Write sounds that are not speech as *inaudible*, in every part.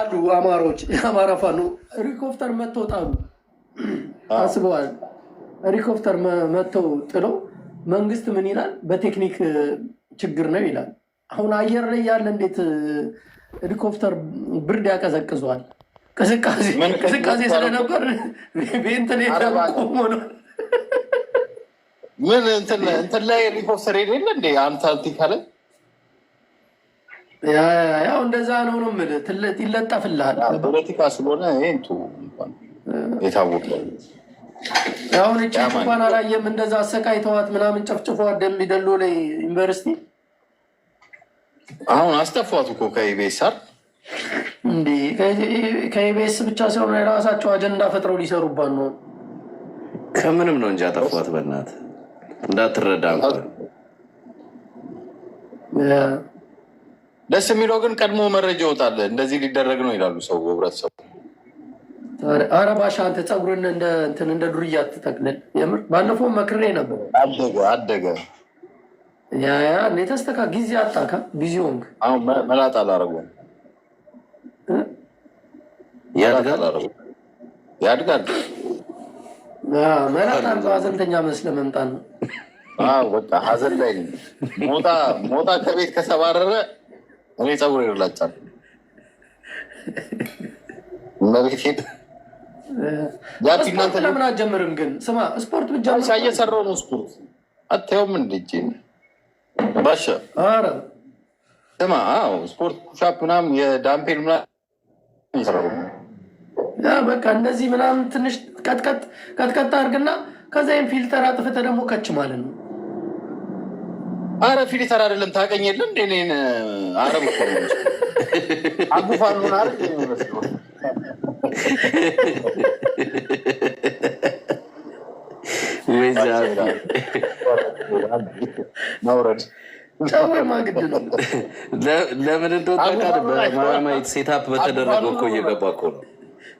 አሉ አማሮች የአማራ ፋኖ ሄሊኮፕተር መጥተው ጣሉ። አስበዋል። ሄሊኮፕተር መጥተው ጥለው መንግስት ምን ይላል? በቴክኒክ ችግር ነው ይላል። አሁን አየር ላይ ያለ እንዴት ሄሊኮፕተር ብርድ ያቀዘቅዘዋል? ቅዝቃዜ ስለነበር ቤንትን ቆሞ ነው። ምን እንትን ላይ ሄሊኮፕተር የሌለ እንዴ አንታርክቲካ ላይ ያው እንደዛ ነው ነው የምልህ። ይለጠፍልሃል ፖለቲካ ስለሆነ ይንቱ የታወቀ አሁን እቺ እንኳን አላየም። እንደዛ አሰቃይተዋት ምናምን ጨፍጭፎ ደሚደሎ ላይ ዩኒቨርሲቲ አሁን አስጠፏት እኮ ከኢቤስ አይደል እንዴ? ከኢቤስ ብቻ ሲሆን የራሳቸው አጀንዳ ፈጥረው ሊሰሩባት ነው። ከምንም ነው እንጂ አጠፏት። በእናትህ እንዳትረዳ እንኳን ደስ የሚለው ግን ቀድሞ መረጃ ይወጣል። እንደዚህ ሊደረግ ነው ይላሉ ሰው ህብረተሰቡ። ኧረ ባሻ አንተ ፀጉርን እንትን እንደ ዱርያ ትተክልል። የምር ባለፈው መክሬ ነበር። አደገ አደገ የተስተካ ጊዜ አጣካ ቢዚ ሆንክ። መላጣ አላረጉም ያድጋል። መላጣ ሀዘንተኛ መስለ መምጣት ነው። በቃ ሀዘን ላይ ሞጣ ከቤት ከሰባረረ እኔ ፀጉር ይላጫል መቤቴን ስፖርት ለምን አጀምርም? ግን ስማ ስፖርት ብቻ እየሰራሁ ነው። ስፖርት አታየውም? እንድጅ ባሻ ስማ፣ አዎ ስፖርት ፑሻፕ ምናምን የዳምፔል ምናምን እየሰራሁ ነው። በቃ እንደዚህ ምናምን ትንሽ ቀጥቀጥ ቀጥቀጥ አድርግና ከዚያም ፊልተር አጥፍተህ ደግሞ ከች ማለት ነው። አረ ፊልተር አይደለም ታቀኝ የለ እንደ እኔን አረብ አጉፋሉን አረ ለምን እንደወጣማማየት ሴታፕ በተደረገው እኮ እየገባ እኮ ነው።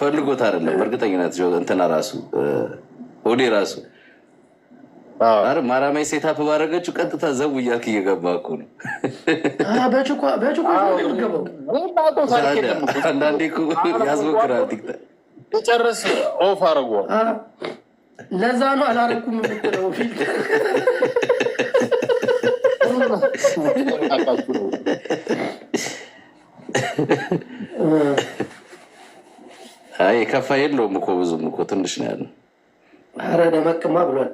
ፈልጎት አይደለም በእርግጠኝነት እንትና ራሱ ሆዴ ራሱ ማራማይ ሴታፕ ባረገችው ቀጥታ ዘው እያልክ እየገባ እኮ ነው። ለዛ ነው አላረኩም የምትለው የለውም እኮ ብዙም እኮ ትንሽ ነው ያለው። ደመቅማ ብሏል።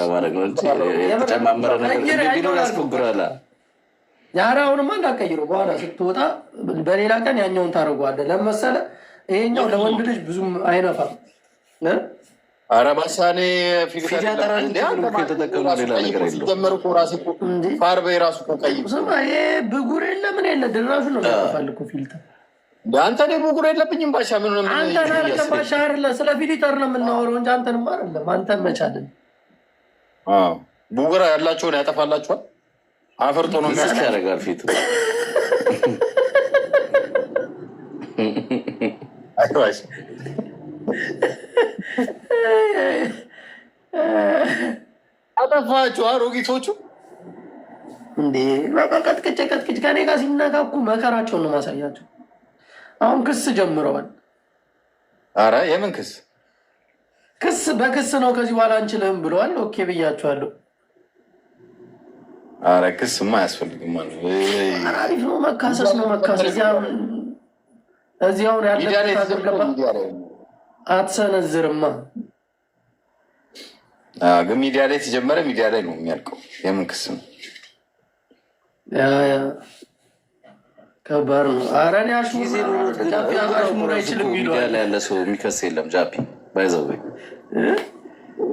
ለማድረግ ነው እንጂ በኋላ ስትወጣ በሌላ ቀን ያኛውን ታደርገዋለህ። ለመሰለ ይሄኛው ለወንድ ልጅ ብዙም አይነፋም። ብጉር የለ የለ ድራሹ ነው ፈልኩ ፊልተር አንተ ደግሞ ብጉር የለብኝም። ባሻ ምን ሆነ? አይደለም ባሻ አይደለም፣ ስለ ፊሊተር ነው የምናወረው እንጂ አንተንም አይደለም። አንተን መቻልን ብጉር ያላቸውን ያጠፋላችኋል። አፈርጦ ነው ሚያስ ያደርጋል ፊቱ አጠፋችሁ አሮጊቶቹ እንዴ! በቃ ቀጥቅጭ ቀጥቅጭ ከኔ ጋር ሲነካኩ መከራቸውን ነው ማሳያቸው። አሁን ክስ ጀምረዋል። አረ የምን ክስ? ክስ በክስ ነው። ከዚህ በኋላ አንችልህም ብለዋል። ኦኬ ብያችኋለሁ። አረ ክስማ አያስፈልግም። አሪፍ ነው። መካሰስ ነው መካሰስ። እዚህ አሁን ያለ አትሰነዝርማ። ግን ሚዲያ ላይ የተጀመረ ሚዲያ ላይ ነው የሚያልቀው። የምን ክስ ነው? ከባድ ነው። ኧረ እኔ አሽሙር አይችልም ይለዋል ያለ ሰው የሚከስ የለም። ጃፒ ባይዘው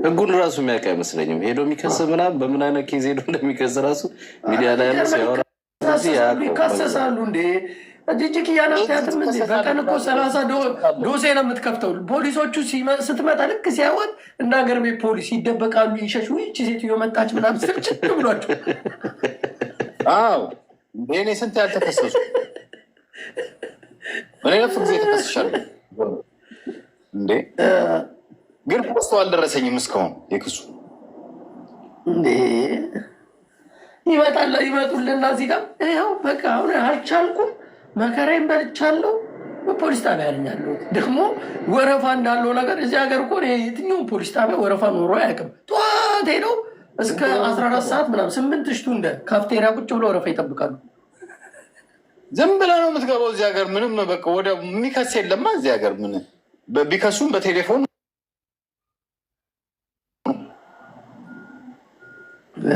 ህጉን ራሱ የሚያውቅ አይመስለኝም። ሄዶ የሚከስ ምናምን በምን አይነት ኬዝ ሄዶ እንደሚከስ ራሱ ሚዲያ ላይ ያለ ሰው ይካሰሳሉ እንዴ እጅጅክ እያናትያትም እ በቀን እኮ ሰላሳ ዶሴ ነው የምትከፍተው። ፖሊሶቹ ስትመጣ ልክ ሲያወት እና ሀገር ቤት ፖሊስ ይደበቃሉ፣ ይሸሹ። ይቺ ሴትዮ መጣች ምናምን ስርጭት ብሏቸው። አዎ እኔ ስንት ያልተከሰሱ እኔ ነፍ ጊዜ ተከስሻል እንዴ ግን ፖስቶ አልደረሰኝም እስካሁን የክሱ እንዴ ይመጣል ይመጡልና እዚህ ጋር ይኸው በቃ አሁን አልቻልኩም መከራዬን በልቻለሁ ፖሊስ ጣቢያ ነኝ ያለሁት ደግሞ ወረፋ እንዳለው ነገር እዚህ ሀገር እኮ የትኛውም ፖሊስ ጣቢያ ወረፋ ኖሮ አያውቅም ጠዋት ሄደው እስከ አስራ አራት ሰዓት ምናምን ስምንት ሽቱ እንደ ካፍቴሪያ ቁጭ ብሎ ወረፋ ይጠብቃሉ ዝም ብለህ ነው የምትገባው እዚህ ሀገር። ምንም በቃ ወደ የሚከስ የለማ እዚህ ሀገር ምን ቢከሱም በቴሌፎን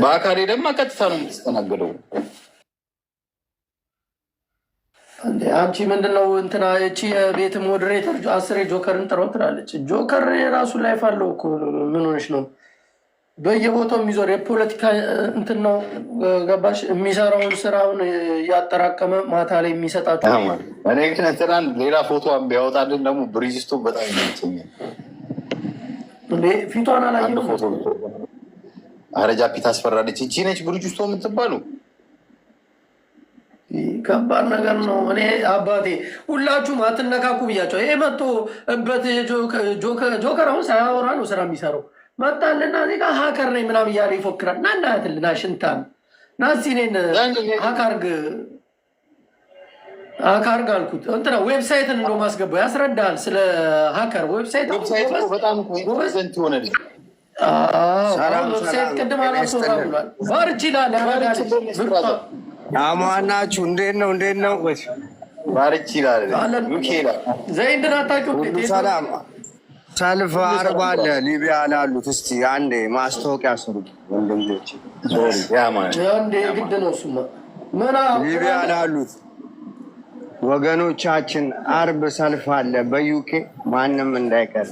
በአካሌ ደግሞ ቀጥታ ነው የምትስተናገደው። አንቺ ምንድነው እንትና እቺ የቤት ሞድሬተር አስሬ ጆከርን ጥረው ትላለች። ጆከር የራሱ ላይፍ አለው እኮ ምን ሆነሽ ነው? በየቦታው የሚዞር የፖለቲካ እንትን ነው ገባሽ? የሚሰራውን ስራውን እያጠራቀመ ማታ ላይ የሚሰጣቸው እኔ ግን እንትናን ሌላ ፎቶ ቢያወጣልን ደግሞ ብሪጅስቶ በጣም ይመቸኛል። ፊቷን አላየሁም። አረጃ ፊት አስፈራለች። እቺ ነች ብሪጅስቶ የምትባሉ። ከባድ ነገር ነው። እኔ አባቴ ሁላችሁም አትነካኩ ብያቸው ይሄ መጥቶ እበት ጆከር አሁን ሳያወራ ነው ስራ የሚሰራው መጣልና እዚህ ጋር ሀከር ነኝ ምናምን እያለ ይፎክራል። ና እናያትልና ሽንታን ሽንታም ና እኔን ሀካርግ ሀካርግ አልኩት። እንትና ዌብሳይትን እንደ ማስገባው ያስረዳል። ስለ ሀከር ዌብሳይት ቅድም አላስወራ ብሏል። ባር ይችላል አሟናችሁ እንዴት ነው እንዴት ነው ባር ይችላል ዘይንድን አታውቂው ሰላም ሰልፍ አርጓል። ሊቢያ ላሉት እስቲ አንዴ ማስታወቂያ ስሩ ወንድሞች፣ ሊቢያ ላሉት ወገኖቻችን አርብ ሰልፍ አለ በዩኬ ማንም እንዳይቀር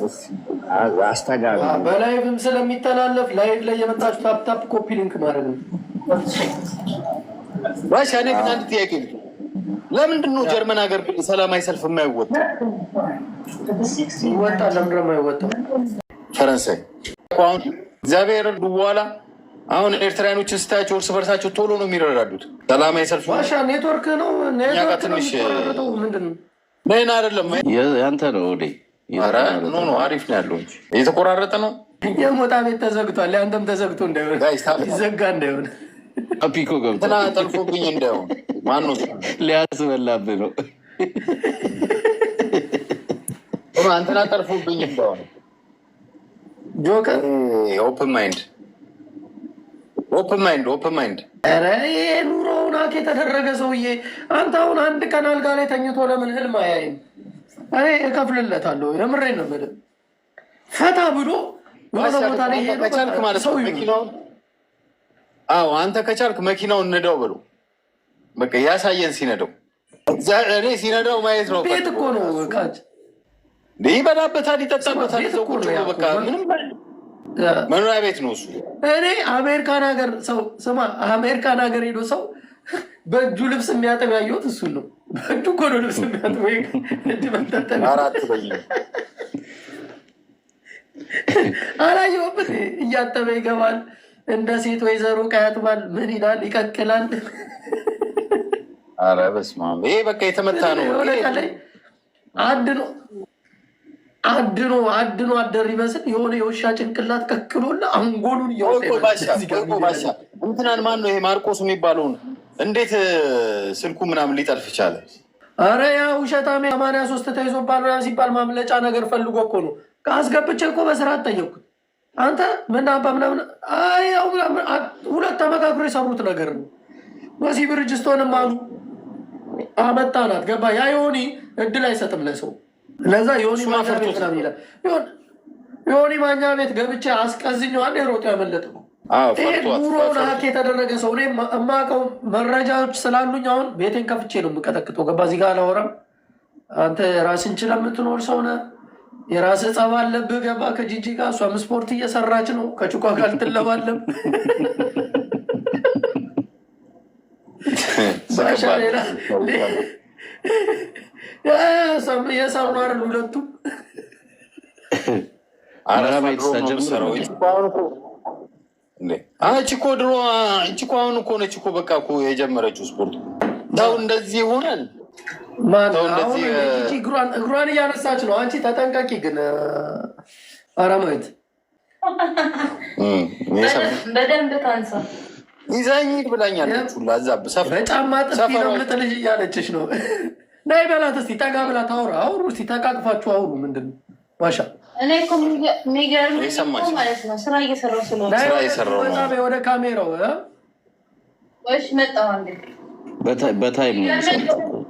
አስተጋቢ። በላይቭም ስለሚተላለፍ ላይቭ ላይ የመጣችሁ ታፕታፕ ኮፒ ሊንክ ማድረግ ነው። ባሽ እኔ ግን አንድ ጥያቄ ልጅ፣ ለምንድን ነው ጀርመን ሀገር ሰላማዊ ሰልፍ የማይወጣ? ይወጣ ለምንድን ነው ፈረንሳይ አሁን እግዚአብሔር በኋላ አሁን ኤርትራያኖች ስታያቸው እርስ በርሳቸው ቶሎ ነው የሚረዳዱት። ሰላማዊ ሰልፍ ኔትወርክ ነው ትንሽ ምን አይደለም ያንተ ነው ወደ ነው አሪፍ ነው ያለው እንጂ የተቆራረጠ ነው። የሞጣ ቤት ተዘግቷል። ያንተም ተዘግቶ እንዳይሆን እንዳይሆን ፒኮ ገብቶ ጠልፎብኝ እንዳይሆን ማን ነው ሊያስበላብህ ነው አንተን አጠርፉብኝ። ጆከር ኦፕን ማይንድ ኦፕን ማይንድ ኦፕን ማይንድ። ኧረ ኑሮውን አክ የተደረገ ሰውዬ አንተ አሁን አንድ ቀን አልጋ ላይ ተኝቶ ለምን ህልም አያይም? እኔ እከፍልለታለሁ። የምሬን ነው የምልህ። ፈታ ብሎ ቦታ ከቻልክ ማለት ነው መኪናውን። አንተ ከቻልክ መኪናውን ንደው ብሎ በቃ ያሳየን ሲነደው፣ እኔ ሲነደው ማየት ነው ቤት እኮ ነው ይበላበታል፣ ይጠጣበታል። መኖሪያ ቤት ነው እሱ። እኔ አሜሪካን ሀገር ሰው ስማ፣ አሜሪካን ሀገር ሄዶ ሰው በእጁ ልብስ የሚያጥብ ያየሁት እሱን ነው። በእጁ ኮዶ ልብስ የሚያጥብ ወይ አራት አላየሁበት። እያጠበ ይገባል፣ እንደ ሴት ወይዘሮ ቀያጥባል። ምን ይላል? ይቀቅላል። ኧረ በስመ አብ! ይሄ በቃ የተመታ ነው። አንድ ነው አድኖ አድኖ አደር ይመስል የሆነ የውሻ ጭንቅላት ቀክሎና አንጎሉን እንትናን ማን ነው ይሄ ማርቆስ የሚባለውን እንዴት ስልኩ ምናምን ሊጠልፍ ይቻለ? አረ ያ ውሸታሜ ሰማንያ ሶስት ተይዞባል ምናምን ሲባል ማምለጫ ነገር ፈልጎ እኮ ነው። አስገብቼ እኮ በስርዓት ጠየቅኩት። አንተ ምን አባ ምናምን ሁለት ተመካክሮ የሰሩት ነገር ነው። ወሲ ብርጅስቶንም አሉ አመጣናት ገባ። ያ የሆኒ እድል አይሰጥም ለሰው ለዛ ዮኒ ማኛ ቤት ነው የሚለው። ዮኒ ማኛ ቤት ገብቼ አስቀዝኜዋለሁ። የሮጦ ያመለጠው ኑሮ ናክ የተደረገ ሰው እኔ የማውቀው መረጃዎች ስላሉኝ አሁን ቤቴን ከፍቼ ነው የምቀጠቅጠው። ገባ እዚህ ጋር አላወራም። አንተ ራስን ችለ የምትኖር ሰው ነህ። የራስህ ጸብ አለብህ። ገባ ከጂጂ ጋር እሷም ስፖርት እየሰራች ነው። ከጭቋ ጋር ትለባለም። ባሻ ሌላ የሰሩ አይደል ሁለቱም። *coughs* እኮ ድሮ እኮ አሁን እኮ ነች እኮ በቃ እኮ የጀመረችው ስፖርት ተው እንደዚህ ሆነን እግሯን እያነሳች ነው። አንቺ ተጠንቀቂ ግን አረማዊት በደንብ ታንሳ ይዛኝ ብላኛለች ሁላ ጥፊ ነው የምጥልሽ እያለችሽ ነው ናይ በላት እስኪ ጠጋ ብላት አውሩ እስኪ ተቃቅፋችሁ አውሩ። ምንድን ነው ማሻ እኔ እኮ ስራ እየሰራሁ ስለሆነ ወደ ካሜራው ወይስ መጣሁ አንዴ በታይ ባሻ ነው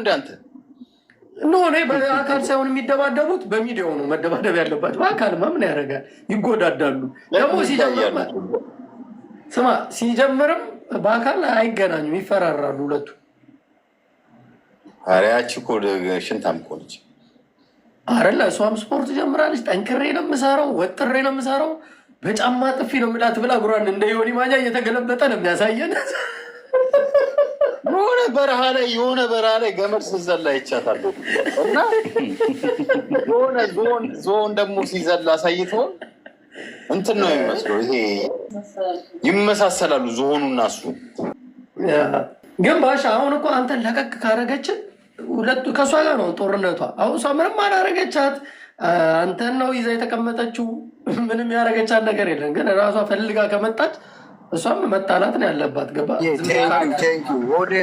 እንደ አንተ በአካል ሳይሆን የሚደባደቡት በሚዲያው ነው መደባደብ ያለባቸው። በአካል ምን ያደርጋል? ይጎዳዳሉ ደግሞ ሲጀምር ስማ ሲጀምርም በአካል አይገናኙም፣ ይፈራራሉ ሁለቱ። አሪያች እኮ ሽንታም እኮ ነች አይደለ? እሷም ስፖርት ጀምራለች። ጠንክሬ ነው የምሰራው፣ ወጥሬ ነው የምሰራው፣ በጫማ ጥፊ ነው የምላት ብላ ጉራን እንደ ዮኒ ማኛ እየተገለበጠ ነው የሚያሳየን። የሆነ በረሃ ላይ የሆነ በረሃ ላይ ገመድ ስዘላ ይቻታል እና የሆነ ዞን ዞን ደግሞ ሲዘላ አሳይተውን እንትን ነው የሚመስለው። ይሄ ይመሳሰላሉ ዝሆኑ እና እሱ። ግን ባሻ አሁን እኮ አንተን ለቀቅ ካረገችን ሁለቱ ከእሷ ጋር ነው ጦርነቷ። አሁን እሷ ምንም አላረገቻት፣ አንተን ነው ይዛ የተቀመጠችው። ምንም ያረገቻት ነገር የለም። ግን ራሷ ፈልጋ ከመጣች እሷም መጣላት ነው ያለባት። ገባ